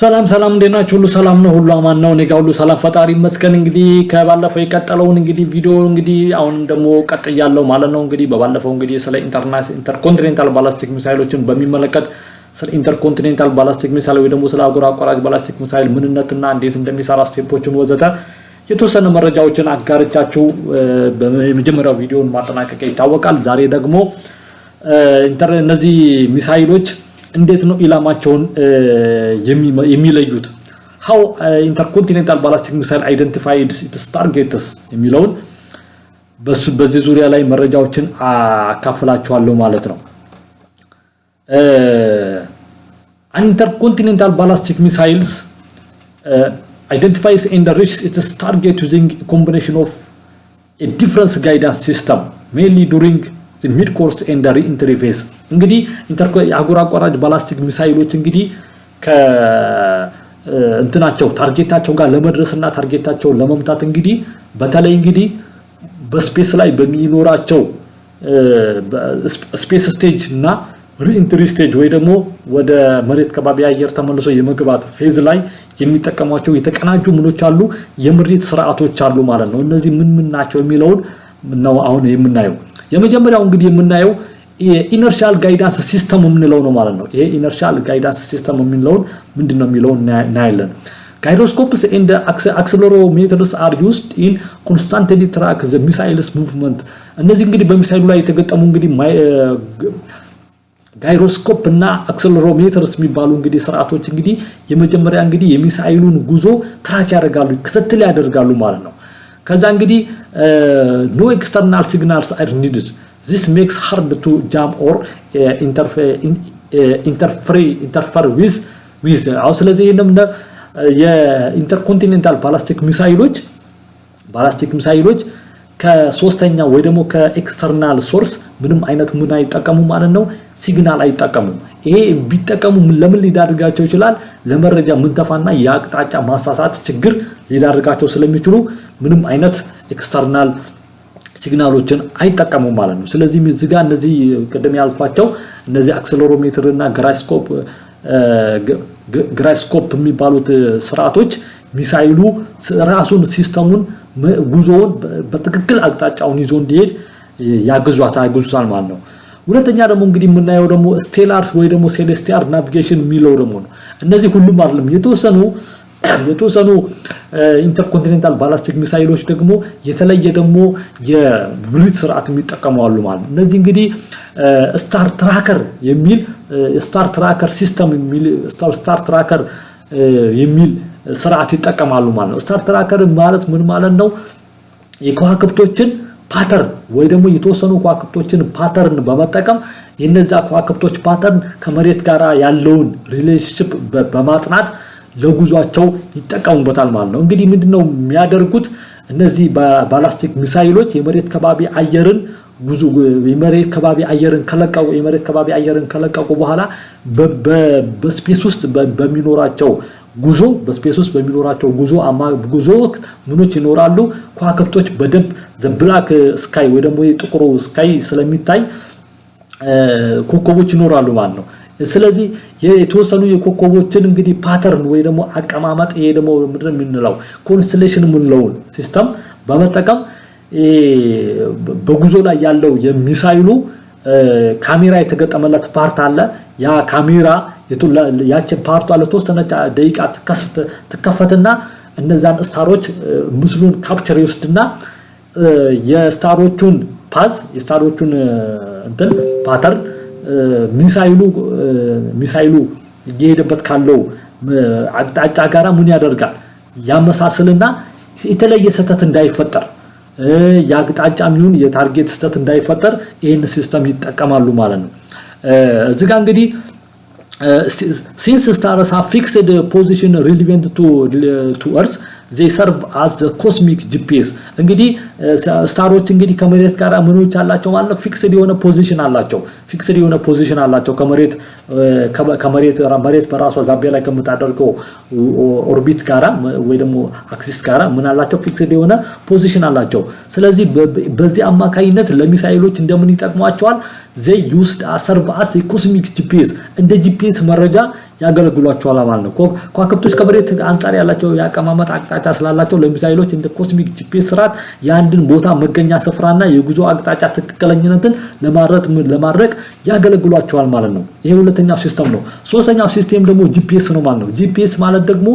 ሰላም ሰላም፣ እንዴት ናችሁ? ሁሉ ሰላም ነው፣ ሁሉ አማን ነው። እኔ ሁሉ ሰላም፣ ፈጣሪ ይመስገን። እንግዲህ ከባለፈው የቀጠለውን እንግዲህ ቪዲዮ እንግዲህ አሁን ደግሞ ቀጥያለሁ ማለት ነው። እንግዲህ በባለፈው እንግዲህ ስለ ኢንተርኮንቲኔንታል ባላስቲክ ሚሳይሎችን በሚመለከት ስለ ኢንተርኮንቲኔንታል ባላስቲክ ሚሳይል ወይ ደግሞ ስለ አህጉር አቋራጭ ባላስቲክ ሚሳይል ምንነትና እንዴት እንደሚሰራ ስቴፖችን ወዘተ የተወሰነ መረጃዎችን አጋርቻችሁ የመጀመሪያው ቪዲዮን ማጠናቀቂያ ይታወቃል። ዛሬ ደግሞ እነዚህ ሚሳይሎች እንዴት ነው ኢላማቸውን የሚለዩት? ሃው ኢንተርኮንቲኔንታል ባላስቲክ ሚሳይል አይደንቲፋይድ ኢትስ ታርጌትስ የሚለውን በዚህ ዙሪያ ላይ መረጃዎችን አካፍላችኋለሁ ማለት ነው። ኢንተርኮንቲኔንታል ባላስቲክ ሚሳይልስ አይደንቲፋይስ ኤንድ ሪችስ ኢትስ ታርጌት ዩዚንግ ኮምቢኔሽን ኦፍ ዲፍረንስ ጋይዳንስ ሲስተም ሜንሊ ዱሪንግ ሚድ ኮርስ ኤንድ ሪኢንትሪ እንግዲህ የአህጉር አቋራጭ ባላስቲክ ሚሳይሎች እንግዲህ ከእንትናቸው ታርጌታቸው ጋር ለመድረስና ታርጌታቸውን ለመምታት እንግዲህ በተለይ እንግዲህ በስፔስ ላይ በሚኖራቸው ስፔስ ስቴጅ እና ሪኢንትሪ ስቴጅ ወይ ደግሞ ወደ መሬት ከባቢ አየር ተመልሶ የመግባት ፌዝ ላይ የሚጠቀሟቸው የተቀናጁ ምኖች አሉ፣ የምሪት ስርዓቶች አሉ ማለት ነው። እነዚህ ምን ምን ናቸው የሚለውን ነው አሁን የምናየው። የመጀመሪያው እንግዲህ የምናየው የኢነርሻል ጋይዳንስ ሲስተም የምንለው ነው ማለት ነው። ይሄ ኢነርሻል ጋይዳንስ ሲስተም የምንለውን ምንድን ነው የሚለውን እናያለን። ጋይሮስኮፕስ ኤንድ አክስለሮሜተርስ አር ዩስድ ኢን ኮንስታንትሊ ትራክ ዘ ሚሳይልስ ሙቭመንት። እነዚህ እንግዲህ በሚሳይሉ ላይ የተገጠሙ እንግዲህ ጋይሮስኮፕ እና አክስለሮሜተርስ የሚባሉ እንግዲህ ስርዓቶች እንግዲህ የመጀመሪያ እንግዲህ የሚሳይሉን ጉዞ ትራክ ያደርጋሉ፣ ክትትል ያደርጋሉ ማለት ነው። ከዛ እንግዲህ Uh, no external signals are needed. This makes hard to jam or uh, uh, interfere interfere with with አሁን ስለዚህ ይሄንም የኢንተርኮንቲኔንታል ባላስቲክ ሚሳይሎች ባላስቲክ ሚሳይሎች ከሶስተኛ ወይ ደግሞ ከኤክስተርናል ሶርስ ምንም አይነት ምን አይጠቀሙ ማለት ነው ሲግናል አይጠቀሙም። ይሄ ቢጠቀሙ ለምን ሊዳርጋቸው ይችላል? ለመረጃ ምንተፋና የአቅጣጫ ማሳሳት ችግር ሊዳርጋቸው ስለሚችሉ ምንም አይነት ኤክስተርናል ሲግናሎችን አይጠቀሙም ማለት ነው። ስለዚህ እዚህ ጋር እነዚህ ቅድም ያልኳቸው እነዚህ አክሰለሮሜትር እና ግራይስኮፕ የሚባሉት ስርዓቶች ሚሳይሉ ራሱን ሲስተሙን ጉዞውን በትክክል አቅጣጫውን ይዞ እንዲሄድ ያግዟት ያግዙታል ማለት ነው። ሁለተኛ ደግሞ እንግዲህ የምናየው ደግሞ ስቴላር ወይ ደግሞ ሴሌስቲያር ናቪጌሽን የሚለው ደግሞ ነው። እነዚህ ሁሉም አይደለም የተወሰኑ የተወሰኑ ኢንተርኮንቲኔንታል ባላስቲክ ሚሳይሎች ደግሞ የተለየ ደግሞ የብሉት ስርዓት የሚጠቀመዋሉ ማለት ነው። እነዚህ እንግዲህ ስታር ትራከር የሚል ስታር ትራከር ሲስተም የሚል ስታር ትራከር የሚል ስርዓት ይጠቀማሉ ማለት ነው። ስታር ትራከር ማለት ምን ማለት ነው? የከዋክብቶችን ፓተርን ወይ ደግሞ የተወሰኑ ከዋክብቶችን ፓተርን በመጠቀም የነዛ ከዋክብቶች ፓተርን ከመሬት ጋር ያለውን ሪሌሽንሽፕ በማጥናት ለጉዟቸው ይጠቀሙበታል ማለት ነው። እንግዲህ ምንድነው የሚያደርጉት እነዚህ ባላስቲክ ሚሳይሎች የመሬት ከባቢ አየርን ጉዞ የመሬት ከባቢ አየርን ከለቀቁ የመሬት ከባቢ አየርን ከለቀቁ በኋላ በስፔስ ውስጥ በሚኖራቸው ጉዞ በስፔስ ውስጥ በሚኖራቸው ጉዞ ጉዞ ወቅት ምኖች ይኖራሉ። ከዋክብቶች በደንብ ዘብላክ ስካይ ወይ ደግሞ ጥቁሩ ስካይ ስለሚታይ ኮከቦች ይኖራሉ ማለት ነው። ስለዚህ የተወሰኑ የኮከቦችን እንግዲህ ፓተርን ወይ ደግሞ አቀማመጥ ይሄ ደግሞ ምንድነው የምንለው ኮንስሌሽን የምንለውን ሲስተም በመጠቀም በጉዞ ላይ ያለው የሚሳይሉ ካሜራ የተገጠመለት ፓርት አለ። ያ ካሜራ ያችን ፓርቷ ለተወሰነ ደቂቃ ትከፈትና እነዛን ስታሮች ምስሉን ካፕቸር ይወስድና የስታሮቹን ፓዝ የስታሮቹን እንትን ፓተርን ሚሳይሉ ሚሳይሉ እየሄደበት ካለው አቅጣጫ ጋራ ምን ያደርጋል ያመሳስልና የተለየ ስህተት እንዳይፈጠር የአቅጣጫ የሚሆን የታርጌት ስህተት እንዳይፈጠር ይህን ሲስተም ይጠቀማሉ ማለት ነው። እዚህ ጋር እንግዲህ ሲንስ ስታርስ ፊክስድ ፖዚሽን ሪሊቨንት ቱ እርስ ዜ ሰርቭ አዝ ዘ ኮስሚክ ጂፒኤስ እንግዲህ ስታሮች እንግዲህ ከመሬት ጋር ምኖች አላቸው ማለት ነው። ፊክስድ የሆነ ፖዚሽን አላቸው። ፊክስድ የሆነ ፖዚሽን አላቸው ከመሬት ከመሬት መሬት በራሷ ዛቢያ ላይ ከምታደርገው ኦርቢት ጋራ ወይ ደግሞ አክሲስ ጋራ ምን አላቸው? ፊክስድ የሆነ ፖዚሽን አላቸው። ስለዚህ በዚህ አማካኝነት ለሚሳኤሎች እንደምን ይጠቅሟቸዋል? ዘይ ዩስድ ሰርቭ አዝ ኮስሚክ ጂፒኤስ እንደ ጂፒኤስ መረጃ ያገለግሏቸዋል ማለት ነው። ከዋክብቶች ከመሬት አንጻር ያላቸው የአቀማመጥ አቅጣጫ ስላላቸው ለሚሳይሎች እንደ ኮስሚክ ጂፒኤስ ስርዓት የአንድን ቦታ መገኛ ስፍራና የጉዞ አቅጣጫ ትክክለኝነትን ለማድረግ ያገለግሏቸዋል ማለት ነው። ይሄ ሁለተኛው ሲስተም ነው። ሶስተኛው ሲስተም ደግሞ ጂፒኤስ ነው ማለት ነው። ጂፒኤስ ማለት ደግሞ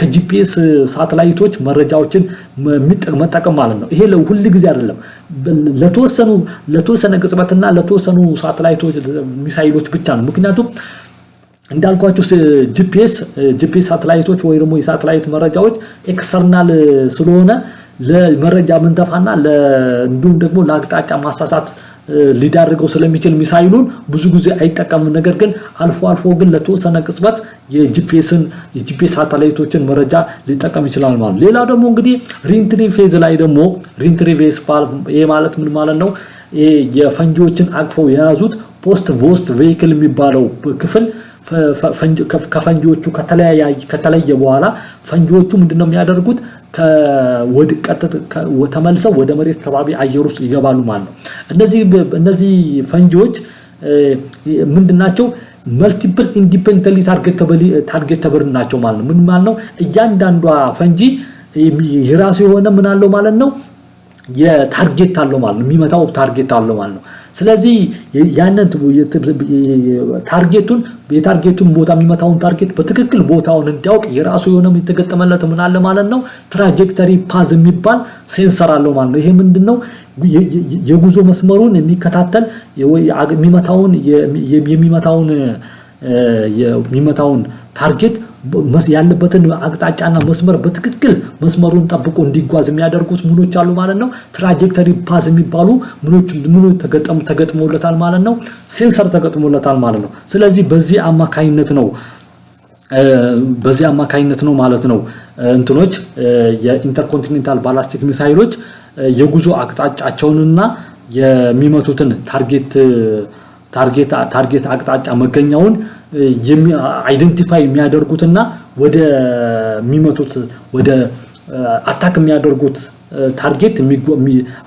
ከጂፒኤስ ሳተላይቶች መረጃዎችን መጠቀም ማለት ነው። ይሄ ሁል ጊዜ አይደለም። ለተወሰኑ ለተወሰነ ቅጽበትና ለተወሰኑ ሳተላይቶች ሚሳይሎች ብቻ ነው ምክንያቱም እንዳልኳችሁ ጂፒኤስ ጂፒኤስ ሳተላይቶች ወይ ደግሞ የሳተላይት መረጃዎች ኤክስተርናል ስለሆነ ለመረጃ ምንተፋና እንዲሁም ደግሞ ለአቅጣጫ ማሳሳት ሊዳርገው ስለሚችል ሚሳይሉን ብዙ ጊዜ አይጠቀምም። ነገር ግን አልፎ አልፎ ግን ለተወሰነ ቅጽበት የጂፒኤስን የጂፒኤስ ሳተላይቶችን መረጃ ሊጠቀም ይችላል ማለት። ሌላ ደግሞ እንግዲህ ሪንትሪ ፌዝ ላይ ደግሞ ሪንትሪ ፌዝ ማለት ምን ማለት ነው? የፈንጂዎችን አቅፈው የያዙት ፖስት ቮስት ቬይክል የሚባለው ክፍል ከፈንጂዎቹ ከተለየ በኋላ ፈንጂዎቹ ምንድነው የሚያደርጉት? ተመልሰው ወደ መሬት ከባቢ አየር ውስጥ ይገባሉ ማለት ነው። እነዚህ ፈንጂዎች ምንድናቸው? መልቲፕል ኢንዲፔንደንትሊ ታርጌተብል ናቸው ማለት ነው። ምን ማለት ነው? እያንዳንዷ ፈንጂ የራሱ የሆነ ምን አለው ማለት ነው? የታርጌት አለው ማለት ነው። የሚመታው ታርጌት አለው ማለት ነው። ስለዚህ ያንን ታርጌቱን የታርጌቱን ቦታ የሚመታውን ታርጌት በትክክል ቦታውን እንዲያውቅ የራሱ የሆነ የተገጠመለት ምን አለ ማለት ነው። ትራጀክተሪ ፓዝ የሚባል ሴንሰር አለው ማለት ነው። ይሄ ምንድን ነው? የጉዞ መስመሩን የሚከታተል የሚመታውን የሚመታውን ታርጌት ያለበትን አቅጣጫና መስመር በትክክል መስመሩን ጠብቆ እንዲጓዝ የሚያደርጉት ምኖች አሉ ማለት ነው። ትራጀክተሪ ፓስ የሚባሉ ምኖች ተገጥሞለታል ማለት ነው። ሴንሰር ተገጥሞለታል ማለት ነው። ስለዚህ በዚህ አማካኝነት ነው በዚህ አማካኝነት ነው ማለት ነው እንትኖች የኢንተርኮንቲኔንታል ባላስቲክ ሚሳይሎች የጉዞ አቅጣጫቸውንና የሚመቱትን ታርጌት ታርጌት አቅጣጫ መገኛውን አይደንቲፋይ የሚያደርጉትና ወደ ወደ አታክ የሚያደርጉት ታርጌት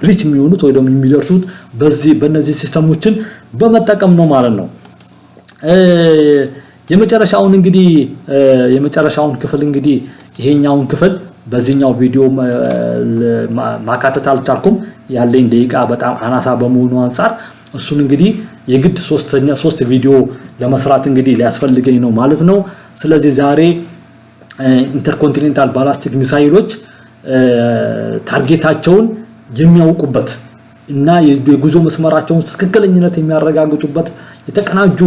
ሪች የሚሆኑት ወይ ደግሞ የሚደርሱት በዚህ በእነዚህ ሲስተሞችን በመጠቀም ነው ማለት ነው። የመጨረሻውን እንግዲህ የመጨረሻውን ክፍል እንግዲህ ይሄኛውን ክፍል በዚህኛው ቪዲዮ ማካተት አልቻልኩም። ያለኝ ደቂቃ በጣም አናሳ በመሆኑ አንጻር እሱን እንግዲህ የግድ ሶስተኛ ሶስት ቪዲዮ ለመስራት እንግዲህ ሊያስፈልገኝ ነው ማለት ነው። ስለዚህ ዛሬ ኢንተርኮንቲኔንታል ባላስቲክ ሚሳይሎች ታርጌታቸውን የሚያውቁበት እና የጉዞ መስመራቸውን ትክክለኝነት የሚያረጋግጡበት የተቀናጁ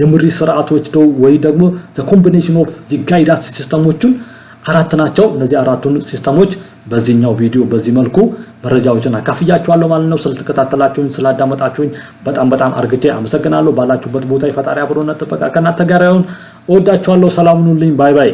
የምሪ ስርዓቶች ወይ ደግሞ ኮምቢኔሽን ኦፍ ዚ ጋይዳንስ ሲስተሞችን አራት ናቸው። እነዚህ አራቱን ሲስተሞች በዚህኛው ቪዲዮ በዚህ መልኩ መረጃዎችን አካፍያችኋለሁ ማለት ነው። ስለተከታተላችሁኝ ስላዳመጣችሁኝ በጣም በጣም አርግቼ አመሰግናለሁ። ባላችሁበት ቦታ የፈጣሪ አብሮነት ጥበቃ ከእናንተ ጋር ይሁን። እወዳችኋለሁ። ሰላም ሁኑልኝ። ባይ ባይ